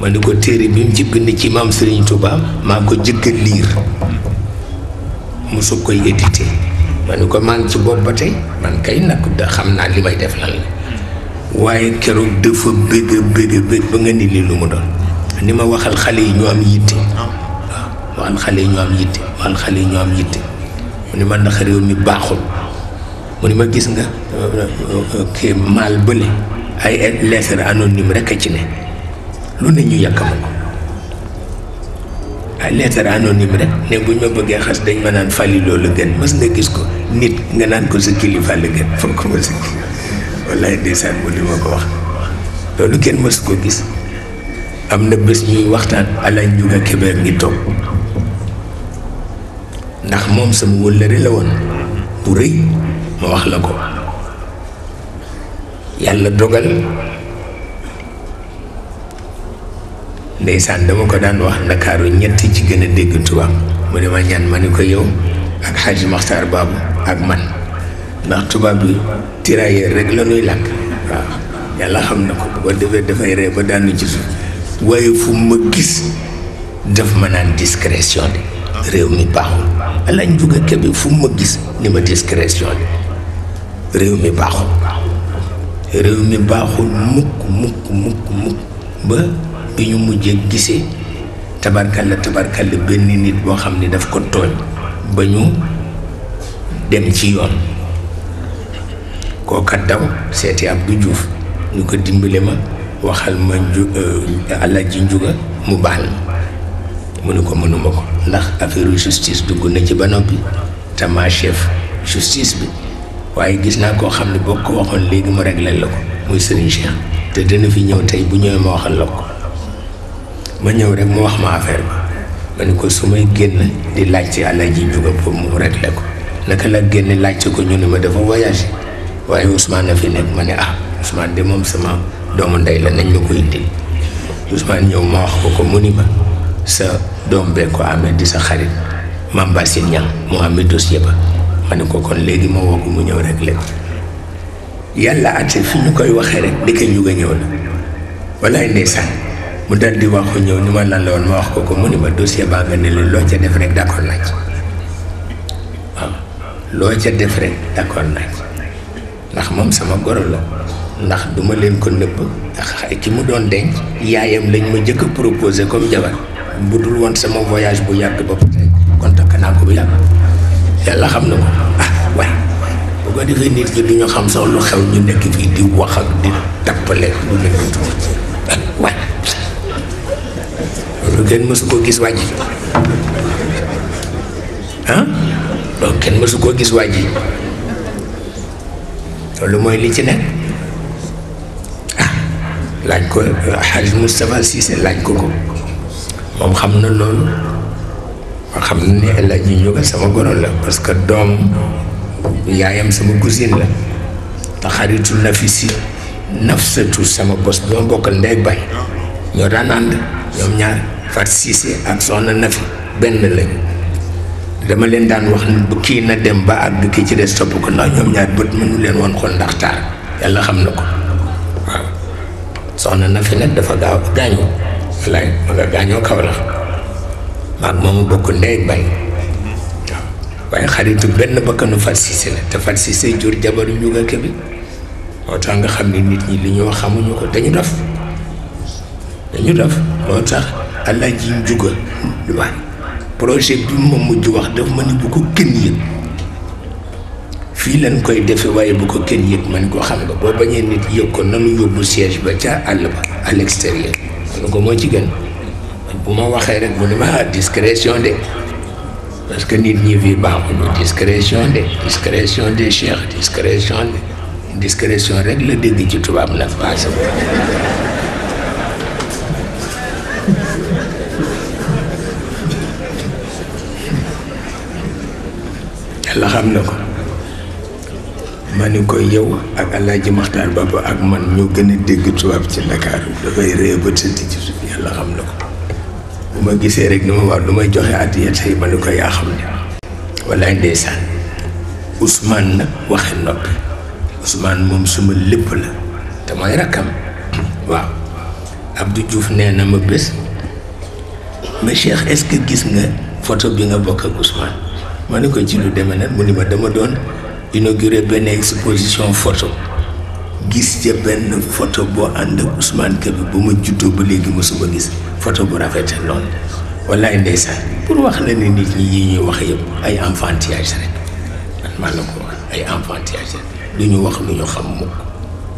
A: ma ne ko téere bi mu ci bind ci maam Serigne Touba maa ko jëkk a liir mosu koy édité ma ne ko maa su ci bopp ba tey man kay nag xam naa li may def lan la waaye keroog dafa bëgg bëgg bëgg ba nga ni li lu mu doon ni ma waxal xale yi ñu am yitte ah. waaw waxal xale yi ñu am yitte yi ñu am yitte mu ni ma ndax mi baaxul mu ni ma gis nga euh, euh, euh, kii maal bële ay lettre anonyme rek a ci ne lu ne ñu yàkk ma ko ay lettre anonyme rek ne bu ñu ma bëggee xas dañ ma naan fàlli loolu gën mës nga gis ko nit nga naan ko sa kilifa la gën foog ko ma si wallaay ndeysaan mu li ma ko wax loolu kenn mës ko gis am na bés ñuy waxtaan alaaj njuga kebeer ngi toog ndax moom sama wëllëre la woon bu rëy ma wax la ko yàlla dogal ndeysaan dama ko daan wax ndakaaru ñett ci gën a dégg tubaab mu ne ma ñaan ma ni ko yow ak xaaji baabu ak man ndax tubaab bi tirailleur rek la nuy làkk waaw yàlla xam na ko bu ko defee dafay ree ba daanu ci suuf waaye fu ma gis daf ma naan discrétion de réew mi baaxul alañ jóg a fu ma gis ni ma discrétion de réew mi baaxul réew mi baaxul mukk mukk mukk mukk ba bi ñu mujjee gisee tabarkalla tabarkalla benn nit boo xam ne daf ko tooñ ba ñu dem ci yoon kooka daw seeti Abdou juuf ñu ko dimbale ma waxal ma ju euh, Alaaji Njuga mu baal ma mu ne ko mënuma ko ndax affaire justice dugg na ci ba noppi te chef justice bi waaye gis naa koo xam ne boo ko waxoon léegi mu réglé la ko muy Serigne Cheikh te dana fi ñëw tey bu ñëwee ma waxal la ko ma ñëw rek mu wax ma affaire bi ma ne ko su may génn di laajte Alaaji Njuga pour mu réglé ko naka la génn laajte ko ñu ne ma dafa voyagé waaye Ousmane a fi nekk ma ne ah Ousmane de moom sama doomu ndey la nañ ma ko indil Ousmane ñëw ma wax ko ko mu ni ma sa doom bee ko amee di sa xarit Mame Bassine Niang moo amee dossier ba. ma ne ko kon léegi ma woo mu ñëw rek lépp yàlla agsi fi ñu koy waxee rek ndeke ñu nga ñëw la ay ndeysaan mu dal di waxu ñëw ni ma nan la woon ma wax ko ko mu ni ma dossier baa nga ne la loo ca def rek d'accord naa ci waaw loo ca def ndax moom sama goro la ndax duma leen ko nëbb ndax xay ki mu doon denc yaayam lañ ma jëkk a proposé comme jabar bu dul woon sama voyage bu yàgg ba peut kon takk naa ko bu yàgg yàlla xam na ko ah waaye bu ko defee nit ki du xam sax lu xew ñu nekk fii di wax ak di tappale lu ne nit ci ah, waay loolu kenn mësu koo gis wàjji ah loolu kenn mësu koo gis wàjji loolu mooy li ci nekk ah laaj ko xaalis Moustapha Cissé laaj ko ko moom xam na loolu ma xam ne El Hadj Ndiouga sama goro la parce que doom yaayam sama cousine la te xaritu Nafisi Nafsatu sama bos doo bokkal ndey bay ñoo daan ànd ñoom ñaar Fat Cissé ak soxna Nafi benn lañu dama leen daan wax bu kii na dem ba ak bi kii ci des topp ko ndax ñoom ñaar bët mënu leen woon xool ndax taar yàlla xam na ko waaw soxna Nafi nag dafa gaaw gaañoo wallaay ma nga gaañoo kaw la maag moom bokk ndey bay waaw waaye xaritu benn bakkanu Fat Cissé la te Fat Cissé jur jabaru ñu nga këbi moo tax nga xam ne nit ñi li ñoo xamuñu ko dañu dof dañu dof moo tax allah ji juga waaye projet bi ma mujj wax daf ma ni bu ko kenn yëg fii lañ koy defe waaye bu ko kenn yëg man ko xam nga boo bañee nit yëg ko nanu yóbbu siège ba ca àll ba à l'extérieur ko moo ci gën bu ma waxee rek mu ne ma discrétion de parce que nit ñi fii baaxuñu discrétion de discrétion de cheikh discrétion de discrétion rek la dégg ci tubaab na paase yàlla xam na ko ma ni koy yow ak Alaaji Maxtaar Baba ak man ñoo gën a dégg tubaab ci Ndakaaru dafay ree ba tëdd ci suuf yàlla xam na ko bu ma gisee rek ni ma war lu may joxe addiya tey ma ni ko yaa xam ne wallaay ndeysaan Ousmane nag waxe noppi Ousmane moom suma lépp la te mooy rakkam waaw Abdou Diouf nee na ma bés mais Cheikh gis nga photo bi nga bokk ak Ousmane ma ne ko ci lu demee nag mu ni ma dama doon inauguré benn exposition photo gis ca benn photo boo ànd ak Ousmane Kébé ba ma juddoo ba léegi mosuma gis photographe te noonu wallaay ndeysaan pour wax la ne nit ñi yi ñuy wax yëpp ay enfantillage rek man maa la ko wax ay enfantillage rek du ñu wax lu ñu xam mukk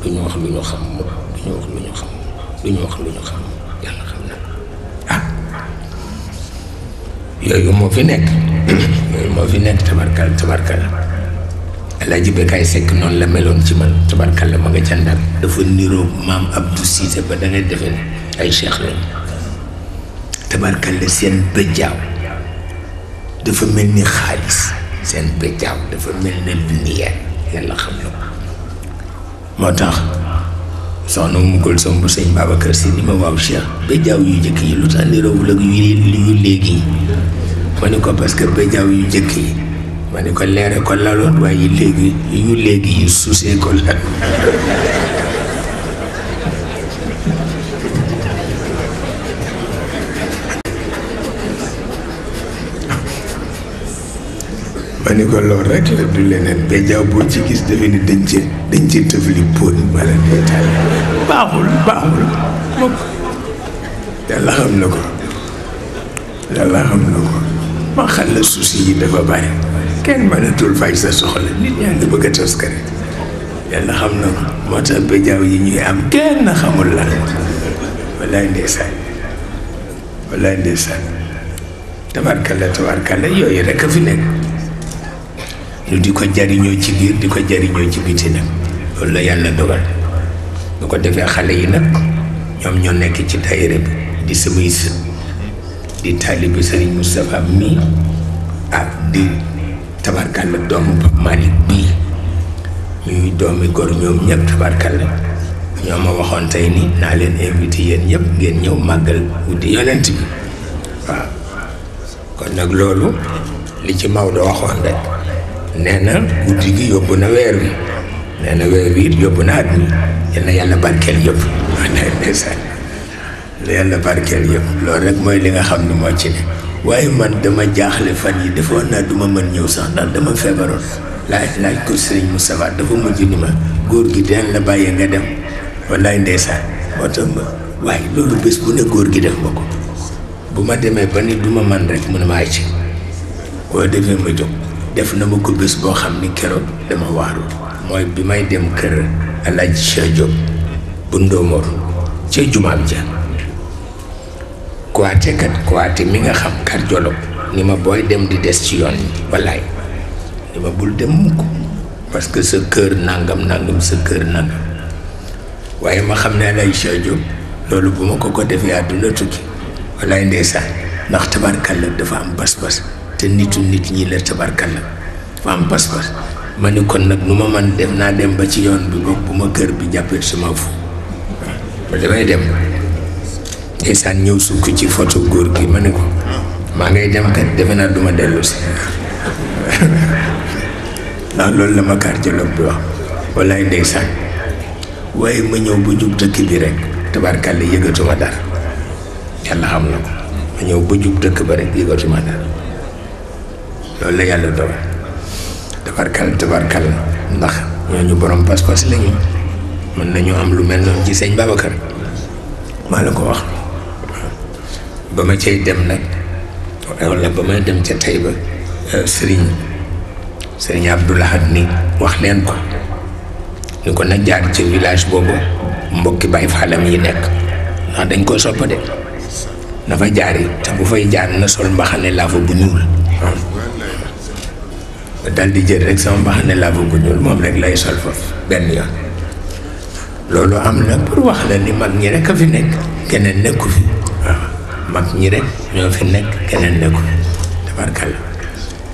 A: du ñu wax lu ñu xam mukk du ñu wax lu ñu xam du ñu wax lu ñu xam yàlla xam na ah yooyu moo fi nekk yooyu moo fi nekk tabarkal tabarkal Alaaji Bekaay Sekk noonu la meloon ci man tabarkal la ma nga ca Ndar dafa niroog maam Abdou Cissé ba da ngay defe ay cheikh lañu tabarkalla seen bëjjaaw dafa mel ni xaalis seen bëjjaaw dafa mel ni lumière yàlla xam na moo tax soxna mu gol som bu sëñ kër si ni ma waaw Cheikh bëjjaaw yu njëkk yi lu tax niroowul ak yu léegi ma ne ko parce que bëjjaaw yu njëkk yi ma ne ko leere ko laloon waaye léegi yu léegi yu suusee ko la ni ko loolu rek la du leneen te boo ci gis defe ni dañ ci dañ ci tëfli póon wala détail baaxul baaxul mukk yàlla xam na ko yàlla xam na ko ma xam la souci yi dafa bari kenn mënatul faj sa soxla nit ñaa ngi bëgg a taskare yàlla xam na ko moo tax béjaaw yi ñuy am kenn xamul la walaay ndeysaan walaay ndeysaan tabarkalla tabarkalla yooyu rek a fi nekk ñu di ko jariñoo ci biir di ko jariñoo ci biti nag loolu la yàlla dogal bu ko defee xale yi nag ñoom ñoo nekk ci daayira bi di samay sët di taalibu Serigne Moustapha mii ak di tabarkalla doomu Pape bii ñuy doomi góor ñoom ñëpp tabarkalla ñoo ma waxoon tey nii naa leen invité yéen ñëpp ngeen ñëw màggal di yonent bi waaw kon nag loolu li ci Maodo waxoon rek nee na guddi gi yóbbu na weer wi nee na weer wi yóbbu na at mi yal na yàlla barkeel yëpp ndeysaan yàlla barkeel yëpp loolu rek mooy li nga xam ne moo ci ne waaye man dama jaaxle fan yi defoon naa duma mën ñëw sax ndax dama feebaroon laaj laaj ko sëriñ Moustapha dafa mujj ni ma góor gi dinañ la bàyyee nga dem wallaay ndeysaan moo tax ma waaye loolu bés bu ne góor gi def ma ko bu ma demee ba ni duma man rek mun maa ci boo defee def na ma ko bés boo xam ni keroog dama waaru mooy bi may dem kër Alaaji Cheikh Diop bu Ndoomoor ca jumaam ja kuwaate kat mi nga xam cardiologue ni ma booy dem di des ci yoon yi wallaay ni ma bul dem mukk parce que sa kër nangam nangam sa kër nangam waaye ma xam ne Alaaji Cheikh loolu bu ma ko ko defee àdduna tukki wallaay ndeysaan ndax tabarkàlla dafa am bas-bas te nit ñi la tabarkal la fa am pas-pas ma ni kon nag nu ma man def naa dem ba ci yoon bi boog bu ma kër bi jàppee sama fu ba damay dem ndeysaan ñëw sukk ci photo góor gi ma ni ko maa ngay dem kat naa duma dellu si ndax loolu la ma cardiologue bi wax wallaay ndeysaan waaye ma ñëw ba jub dëkk bi rek tabarkal la yëgatuma dara yàlla xam na ko ma ñëw ba jub dëkk ba rek yëgatuma dara loolu la yàlla dogal tabarkal tabarkal ndax ñooñu borom pas-pas lañu mën am lu mel noonu ci sëñ Babacar maa la ko wax ba ma cay dem nag wala ba ma dem ca tey ba euh, sëriñ sëriñ ni wax leen ko ñu ko na jaar ci village boobu mbokki Baay Faalam yi nekk ndax dañ koo soppa de dafa jaari te bu fay jaar na sol mbaxane laa fa bu ñuul daal di jël rek sama mbax ne laabu gu ñuul moom rek lay sol foofu benn yoon loolu am na pour wax la ni mag ñi rek a fi nekk keneen nekku fi waaw mag ñi rek ñoo fi nekk keneen nekku fi tabarkalla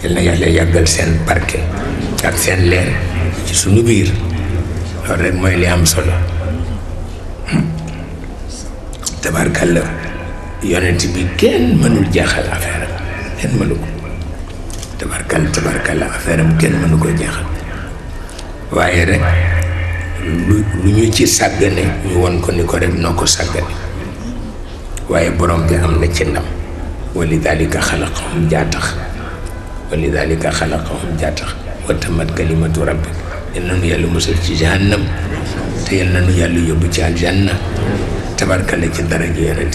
A: yal na yàlla yàggal seen barke ak seen leer ci suñu biir loolu rek mooy li am solo tabarkalla yonent bi kenn mënul jaaxal affaire kenn mënu ko tabarkal tabarkal la affaire am kenn mënu ko jeexal waaye rek lu ñu ci sàggane ñu won ko ساقني وعي بروم بي ko sàggane ولذلك خلقهم جاتخ ولذلك خلقهم جاتخ وتمت كلمة ربك إنهم يلو مسل في جهنم تيلنا يلو يبو الجنة تبارك الله درجة يرد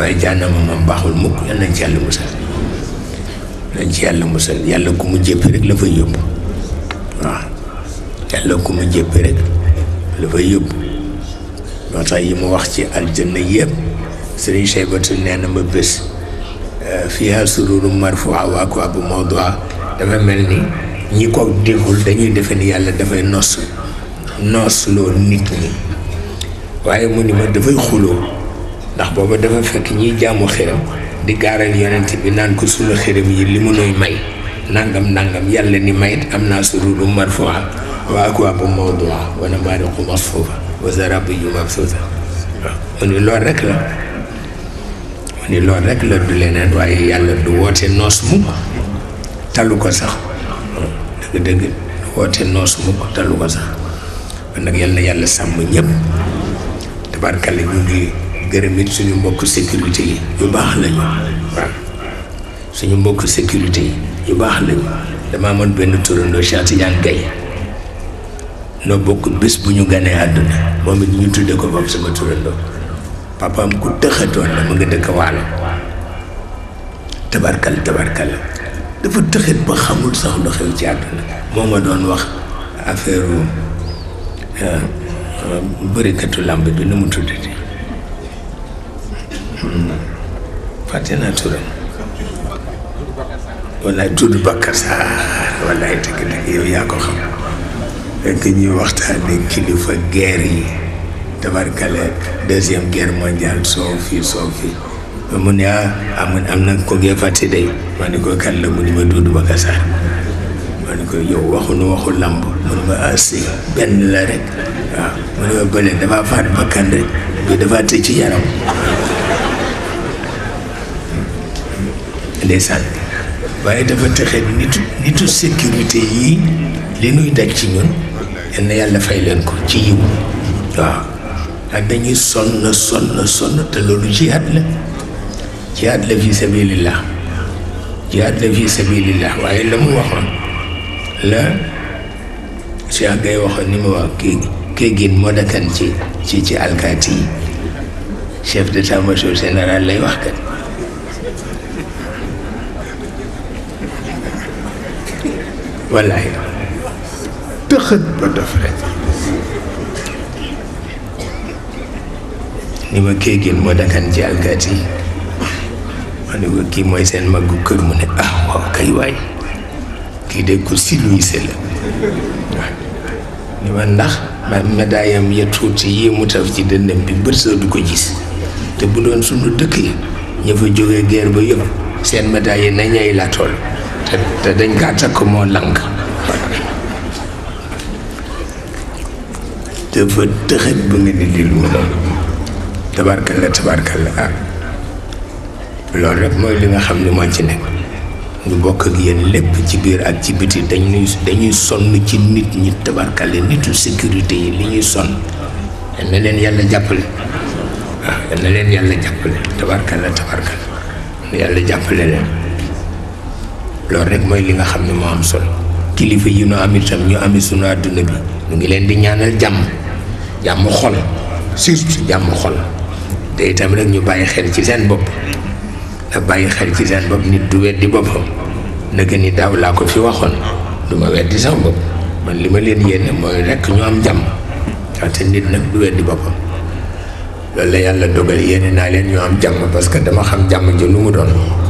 A: وإجانا من باخو المك إنهم يلو مسل dañ ci yàlla musal yàlla ku mu jéppi rek la fay yóbbu waaw yàlla mu yi mu wax ci aljanna yëpp sëriñ su nee na ma bés euh, fia sururu marfuha wa akwabu mawdua dafa mel ni ñi ko deful dañuy defe ni yàlla dafay nos noos loo nit ñi waaye mu ni ma dafay xuloo ndax booba dafa fekk ñiy jaamu xiram di gaaral yonent bi naan ko sunu xërëm yi li mu nuy may nangam nangam yàlla ni mayit am naa sururu marfuwa wa akwaabu mawduwa wa nabaariqu masfuufa wa zarabiyyu mabsuuta mu ni lool rek la mu ni lool rek la du leneen waaye yàlla du woote noos mu ko talu ko sax dëgg dëgg du woote noos mu talu ko sax kon nag yal yàlla sàmm ñëpp tabarkalla ñu ngi gërëm it suñu mbokk sécurité yi ñu baax lañu waaw suñu mbokk sécurité yi ñu baax lañu dama amoon benn turandoo Cheikh Tidiane Gaye noo bokk bés bu ñu ganee àdduna moom it ñu tudde ko moom sama turandoo papaam ku tëxatoon la mu nga waalo tabarkal tabarkal dafa tëxat sax lu ci àdduna moo ma doon wax affaire euh, euh, bërikatu làmb du nu mu tuddati fàtte naa turam wallaay tudd Bakar Saar wallaay dëgg dëgg yow yaa ko xam fekk ñuy waxtaane kilifa guerre yi tabarkale deuxième guerre mondiale soo fi soo fi ba mu ne ah am am na ko ngee fàtte day ma ne ko kan la mu ne ma tudd Bakar Saar ma ne ko yow waxuñu waxu lamb mu ne ma ah si benn la rek waaw mu ne ma bële dafa faat bakkan bi dafa tëj ci yaram ndeysaan waaye dafa texe nitu nitu sécurité yi li nuy daj ci ñun yenn yàlla fay leen ko ci yiw waaw ak dañuy sonn sonn sonn te loolu jihaad la jihaad la fi sabilillah jihaad la fi sabilillah waaye la mu waxoon la Cheikh Gaye waxoon ni ma wax kii kéegin moo dakkan ci ci ci alkaati yi chef d'état-major général lay wax kat wallaay tëxët ba dof rek ni ma kii gën moo dakan ci alkaati yi ma ko kii mooy seen maggu kër mu ne ah waaw kay waay kii de ku siluise la waaw ni ma ndax ma médaayam ya tuuti yi mu taf ci dëndam bi bët soo du ko gis te bu doon sunu dëkk yi ña fa jógee guerre ba yëpp seen médaille nañay la toll te dañ kaa takk moo lank dafa tëxët ba nga di dil mu noonu tabarkal la tabarkal la ah. loolu rek mooy li nga xam ne moo ci nekk ñu bokk ak yéen lépp ci biir ak ci biti dañuy dañuy sonn ci nit ñi tabarkale nitu sécurité yi li ñuy sonn yal na leen yàlla jàppale waaw ah, yal leen yàlla jàppale tabarkal la tabarkal yàlla jàppale leen loolu rek mooy li nga xam ne moo am solo kilifa yi ñu am itam ñu am sunu àdduna bi mu ngi leen di ñaanal jàmm jàmm xol surtout jàmm xol te itam rek ñu bàyyi xel ci seen bopp ndax bàyyi xel ci seen bopp nit du weddi boppam naka ni daaw laa ko fi waxoon du ma weddi sama bopp man li ma leen yéene mooy rek ñu am jàmm te nit nag du weddi boppam loolu la yàlla dogal yéene naa leen ñu am jàmm parce que dama xam jàmm ji lu mu doon.